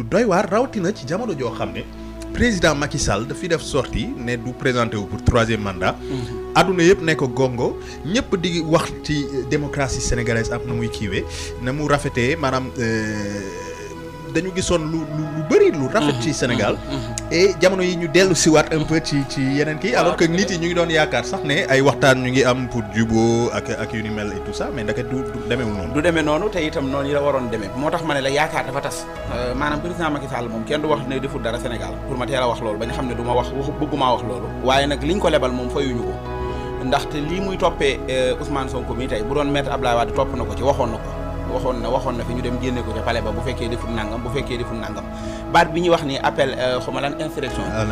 lu doy waar rawatina ci jamono joo xam ne président Macky Sall dafi def sortie ne du présenté wu pour troisième mandat. àdduna mhm. yëpp ne ko gongo ñëpp di wax ci démocratie sénégalaise am na muy kiiwee na mu rafetee maanaam. Euh, dañu gisoon lu lu lu lu rafet mhm. ci Sénégal mhm. Mhm. et jamono yi ñu dellu siwaat un peu ci yeneen ki alors que nit yi ñu ngi doon yaakaar sax ne ay waxtaan ñu ngi am pour juboo ak ak yu ni mel et tout ça mais ndaka du demee noonu te itam waroon demee moo tax ma ne la yaakaar dafa tas euh, maanaam président Macky moom kenn du wax ne deful dara Sénégal pour ma teel a wax loolu ba xam ne du ma wax waxu bëggumaa wax loolu waaye nag liñ ko lebal moom fayuñu ko ndaxte lii muy toppee euh, Ousmane Sonko mi tey bu doon maître Abdoulaye Wade topp na ko ci waxoon na ko waxoon na waxoon na fi ñu dem génne ko ca palais ba bu fekkee deful nangam bu fekkee deful nangam baat bi ñuy wax ni appel euh, xaw ma lan insurrection ah,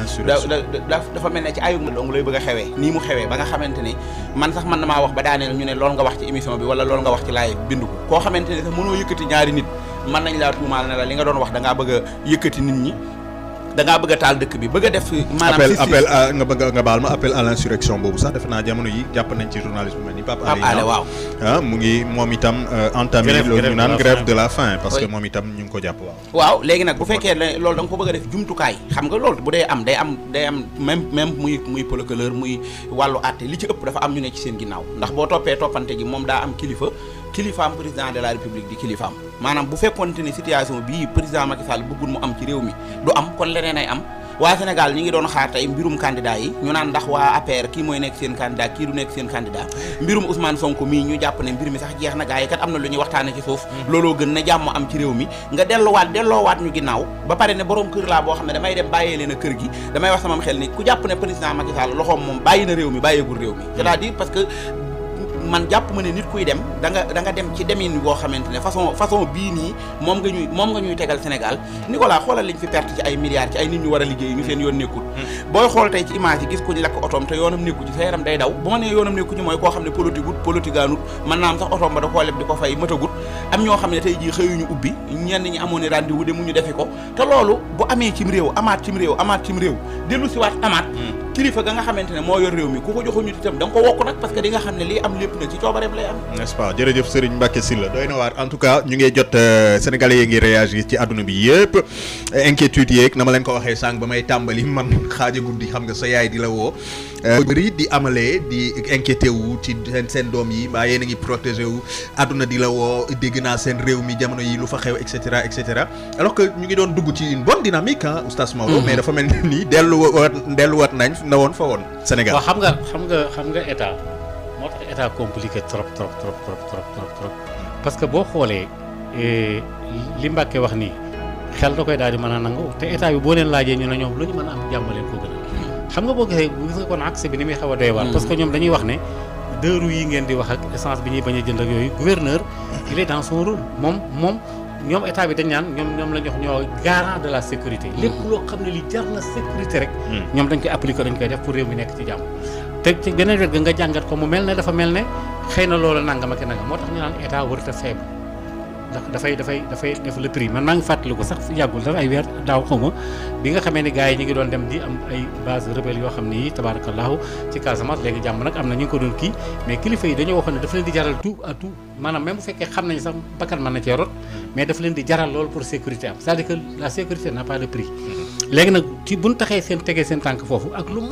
dafa mel ne ci ayug dong lay bëgg a xewee nii mu xewee ba nga xamante ni man sax man damaa wax ba daaneel ñu ne loolu nga wax ci émission bi wala loolu nga wax ci laay bindu ko koo xamante sax mënoo yëkkati ñaari nit mën nañ laa tuumaal ne li nga doon wax da ngaa bëgg a yëkkati nit ñi da ngaa taal dëkk bi bëgg a def. maanaam si appel appel euh, nga bëgg nga baal ma appel à l' boobu sax defe naa jamono yi jàpp nañ ci journaliste bu mel ni Pape Alé waaw ah, mu ngi moom itam euh, entamé loolu ñu naan grève de la faim parce que moom itam ñu ngi ko jàpp waaw. waaw léegi nag bu fekkee loolu da nga ko bëgg a def jumtukaay xam nga loolu bu dee am day am day am même même muy muy muy wàllu àtte li ci ëpp dafa am ñu ne ci seen ginnaaw ndax boo toppee toppante gi moom daa am kilifa kilifaam président de la république di kilifaam maanaam bu fekkonte ne situation bii président Macky Sall bëggul mu am ci réew mi du am kon leneen am waa Sénégal ñi ngi doon xaar tey mbirum candidat yi ñu naan ndax waa APR kii mooy nekk seen candidat kii du nekk seen candidat mbirum Ousmane Sonko mii ñu jàpp ne mbir mi sax jeex na gars yi kat am na lu ñuy waxtaane ci suuf mm. looloo gën na jàmm am ci réew mi nga delloowaat delloowaat ñu ginnaaw ba pare ne borom kër laa boo xam ne a kër gi damay wax sama xel ni ku jàpp ne kuy dem da nga dem ci demin boo xamante ne façon bii nii moom nga ñuy moom nga ñuy tegal Sénégal Nicolas xoolal liñ fi perte ci ay milliards ci ay nit ñu war a liggéey ñu seen yoon nekkul booy xool tey ci image gis ko ñu lakk otoom te yoonam nekku ci sa yaram sax otoom ba da koo leb di ko fay matagut am ñoo xam ne tey jii xëyuñu ubbi ñenn ñi amoon ni rendez de mu ñu defe ko te loolu bu amee cim réew amaat cim réew amaat cim réew dellu hmm. ku ko joxuñu itam da nga n'est-ce jërëjëf Serigne Mbacke Sylla doy na waar en tout cas ñu ngi jot euh, sénégalais yi ngi réagir ci àdduna bi yëpp inquiétude yeeg na leen ko waxee sànq ba may tàmbali man xaaja guddi xam nga sa yaay di la euh, di amalee di inquiété wu ci seen seen doom yi mbaa yéen a protégé wu àdduna di la woo dégg naa seen réew mi jamono yi lu fa xew cetera et cetera alors ñu ngi doon dugg ci une bonne dynamique ah mais dafa mel ni delluwaat nañ na woon fa woon Sénégal waaw xam nga xam nga xam nga état daa compliqué trop trop trop trop trop trop trop parce que boo xoolee eh, li Mbàkke wax nii xel da koy daal di mën a nangu te état bi boo leen laajee ñu ne ñoom lu ñu a am jàmbaleen ko gën a xam nga boo gisee bu gis nga kon accès bi ni muy xaw a doy waar hmm. parce que ñoom dañuy wax ne deux roues yi ngeen di wax ak essence bi ñuy bañ a jënd yooyu gouverneur il est dans son rôle moom moom ñoom état bi dañ naan ñoom ñoom la jox ñoo garant de la sécurité hmm. lépp loo xam ne li jar na sécurité rek hmm. ñoom dañ koy appliquer dañ koy def pour réew nekk ci jàmm te ci geneen wet ga nga jàngat ko mu mel ne dafa mel ne xëy na loolu nangam ak nangam moo tax ñu naan état warut a faible ndax dafay dafay dafay def le man maa ngi fàttaliku sax sax ay weer daaw xaw ma bi nga xamee ni gars yi ñu ngi doon dem di am ay yoo xam ne yi tabaarakallaahu ci Casamance léegi jàmm nag am na ñu ngi ko doon kii mais kilifa yi dañoo waxoon ne dafa leen di jaral tout à tout maanaam même bu fekkee xam nañ sax bakkan mën na cee mais dafa leen di jaral loolu pour sécurité am c'est-à-dire que la sécurité n'a pas de prix mm-hmm. léegi nag ci buñ taxee seen tegee seen tànk foofu ak lu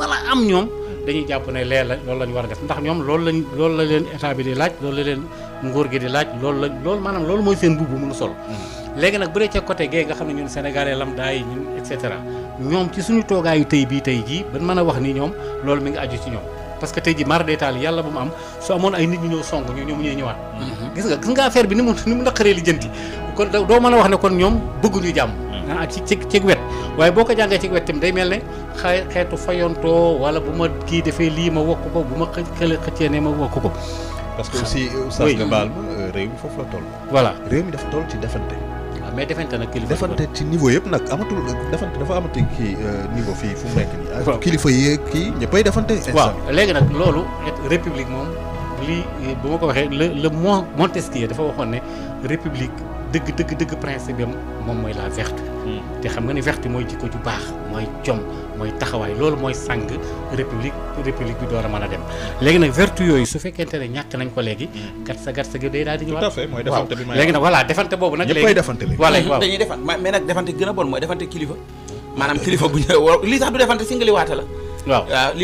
dañuy jàpp ne lee la loolu la ñu war a def ndax ñoom loolu lañ loolu la leen état bi di laaj loolu la leen nguur gi di laaj loolu la loolu maanaam loolu mooy seen mbubb bu mën a sol hmm. léegi nag bu dee ca côté gee nga xam ne ñun sénégalais lambda yi et ñoom ci suñu toogaayu tey bii tey jii ban mën a wax ni ñoom loolu mi ngi aju ci ñoom parce que tey ji mar détail yàlla bu mu am su amoon ay nit ñu ñëw song ñu ñoom ñooy ñëwaat. Mm-hmm. gis nga gis nga affaire bi ni mu ni mu naqaree li jënti kon doo mën a wax ne kon ñoom bëgguñu jàmm. Mm-hmm. ah ci ci ci wet waaye boo ko jàngee ci wet tamit day mel ne xay xeetu fayontoo wala bu ma kii defee lii ma wokk ko bu ma xële xëccee ne ma wokk ko. parce que ah. si oustaz nga baal ma réew mi foofu la toll. voilà réew mi dafa toll ci defante. mais defante nag kilifa defante ci niveau yëpp nag amatul defante dafa amati kii euh, niveau fii fu mu nekk kilifa yeeg kii ñëppay defante. waaw léegi nag loolu république moom. li bu ma ko waxee le le mont Montesquieu dafa waxoon ne république dëgg dëgg dëgg principe am moom mooy la vertu. Hmm. te xam nga ne vertu mooy jikko ju baax mooy jom mooy taxawaay loolu mooy sàng république république bi door a mën a dem. Hmm. léegi nag vertu yooyu su fekkente ne ñàkk nañ ko léegi. Hmm. gat sa gi day daal di ñëwaat. nag voilà defante boobu nag. léegi ñëppay defante nag defante gën a bon mooy defante kilifa. maanaam kilifa bu ñu li tax du defante singali la.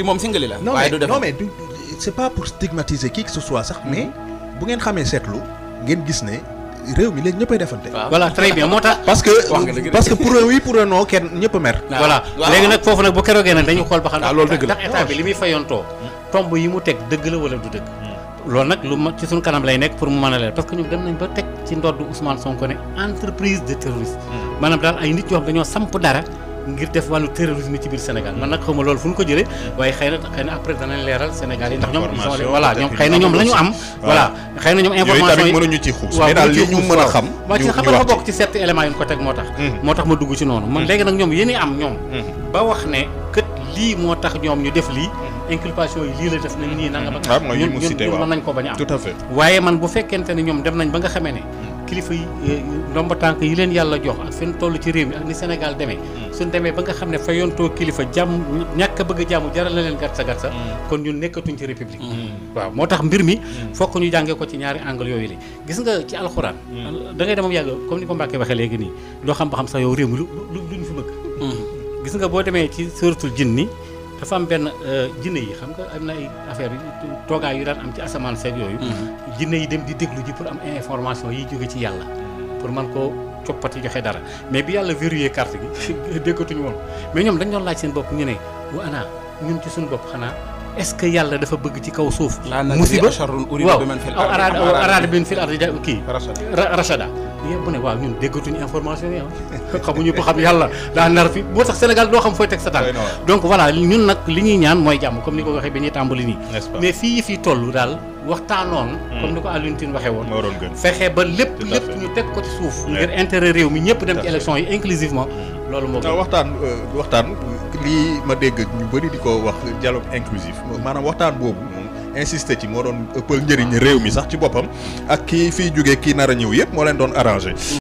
moom singali la. waaye du defante non c'est pas pour stigmatiser qui que ce soit sax mais bu ngeen xamee seetlu ngeen gis ne réew mi léegi ñëppay defante. voilà très bien moo parce que parce que pour un oui pour un non kenn ñëpp mer. voilà légui nak fofu nak bu kérogé nak dañu xol ba xam. Ah, ndax état bi limi fayonto tombe yi mu teg dëgg la wala du dëgg. lool nak lu ci sun kanam lay nek pour mu mën leer parce que ñu dem nañ ba teg ci ndodd Ousmane Sonko né entreprise de terroriste. Hmm. manam dal ay nit yoo xam dañoo samp dara. ngir def wàllu terrorisme ci biir Sénégal man nag xaw loolu fu ñu ko jëlee waaye xëy na xëy na après danañ leeral Sénégal yi ndax ñoom voilà am voilà xëy na ñoom information yi a hmm. man nañ ko bañ am waaye man bu fekkente ne ñoom dem nañ ba nga xamee ne kilifa yi eh, ndomba tànk yi leen yàlla jox ak seen toll ci réew mi ak ni Sénégal demee hmm. suñ demee ba nga xam ne fa yontoo kilifa jàmm ñàkk a bëgg a jàmm jaral na leen gatsa gatsa hmm. kon ñun nekkatuñ ci république hmm. waaw moo tax mbir mi fokk ñu jàngee ko ci ñaari angle yooyu li gis nga ci alxuraan da ngay demam yàgg comme ni ko Mbàkke waxee léegi nii doo xam ba xam sax yow réew mi lu lu ñu fi bëgg gis nga boo demee ci suratul jinn ni dafa am benn euh, jinne yi xam nga am na ay affaire yi toogaay yu daan am ci asamaan seeg yooyu. Mm-hmm. jinne yi dem di déglu ji pour am information yi jóge ci yàlla pour man koo coppati joxe dara mais bi yàlla verrouillé carte gi déggatuñu woon mais ñoom dañ doon laaj seen bopp ñu ne wa ana ñun ci suñu bopp xanaa. est-ce que yàlla dafa bëgg ci kaw suuf. musiba waaw aw araada aw araada bin fil ardi kii. rachada yëpp ne waaw ñun déggatuñu information yi ah. xamuñu ko xam yàlla daa nar fi boo tax Sénégal doo xam fooy teg sa tànk. donc voilà ñun nag li ñuy ñaan mooy jàmm comme ni ko waxee bi ñuy tàmbali nii. mais fii yi fi toll daal waxtaanoon. Hmm. comme ni ko Alioune Tine woon. fexe ba lépp lépp ñu teg ko ci suuf. ngir intérêt réew mi ñëpp dem ci élection yi inclusivement hmm. loolu moo ko waxtaan euh, waxtaan lii ma dégg ñu bëri di ko wax dialogue inclusif maanaam waxtaan boobu moom insisté ci moo doon ëppal njëriñ réew mi sax ci boppam ak kii fiy jógee kii nar a ñëw yëpp moo leen doon arrangé